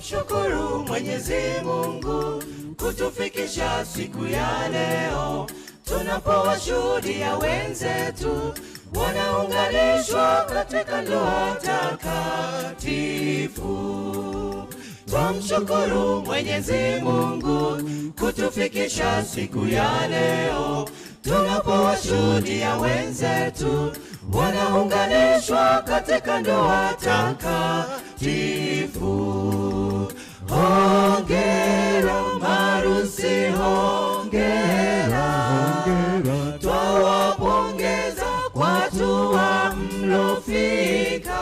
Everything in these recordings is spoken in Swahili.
tunamshukuru Mwenyezi Mungu kutufikisha siku ya leo, tunapowashuhudia wenzetu wanaunganishwa katika ndoa takatifu. Tumshukuru Mwenyezi Mungu kutufikisha siku ya leo, tunapowashuhudia wenzetu wanaunganishwa katika ndoa takatifu mtakatifu. Hongera marusi, hongera, twawapongeza watu wa mlofika.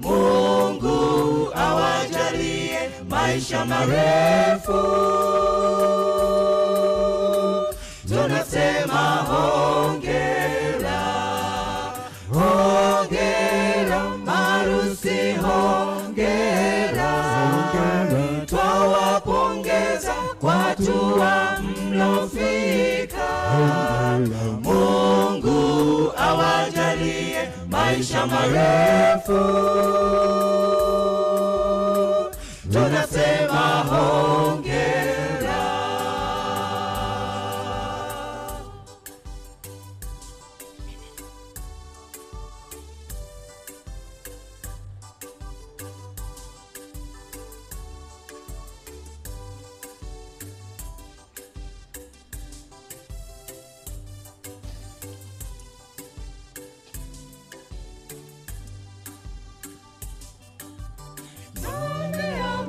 Mungu awajalie maisha marefu tunasema maisha marefu tunasema ho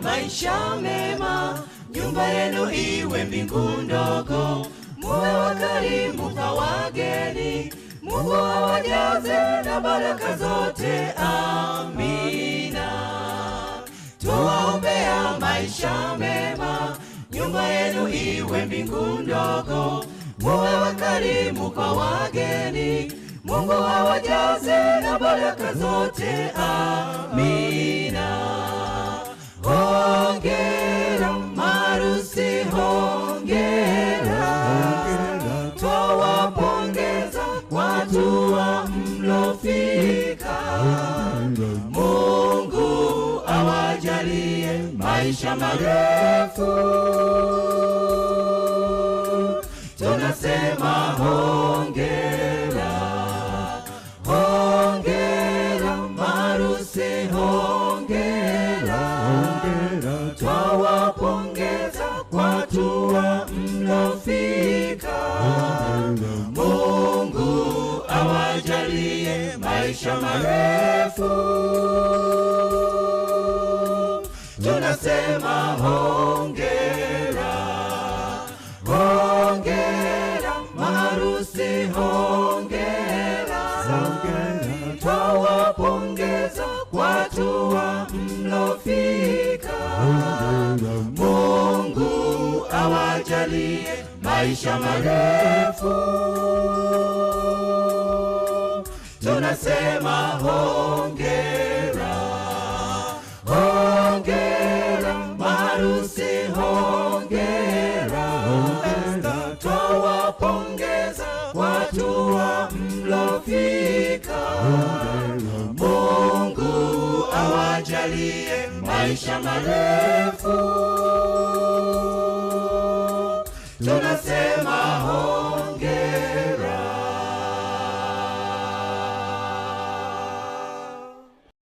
maisha mema, nyumba yenu iwe mbingu ndogo, muwe wakarimu kwa wageni, Mungu awajaze na baraka zote, amina. Tuwaombea maisha mema, nyumba yenu iwe mbingu ndogo, muwe wakarimu kwa wageni, Mungu awajaze na baraka zote, amina. marefu tunasema hongera, hongera marusi, hongera, hongera. Twawapongeza watu wa mlofika, Mungu awajalie maisha marefu. nasema hongera, hongera maharusi, hongera, hongera. Twawapongeza kwa hatua mlofika, Mungu awajalie maisha marefu. Tunasema hongera. hongera, hongera. Twawapongeza watu wa mlofika. Mungu awajalie maisha marefu. Tunasema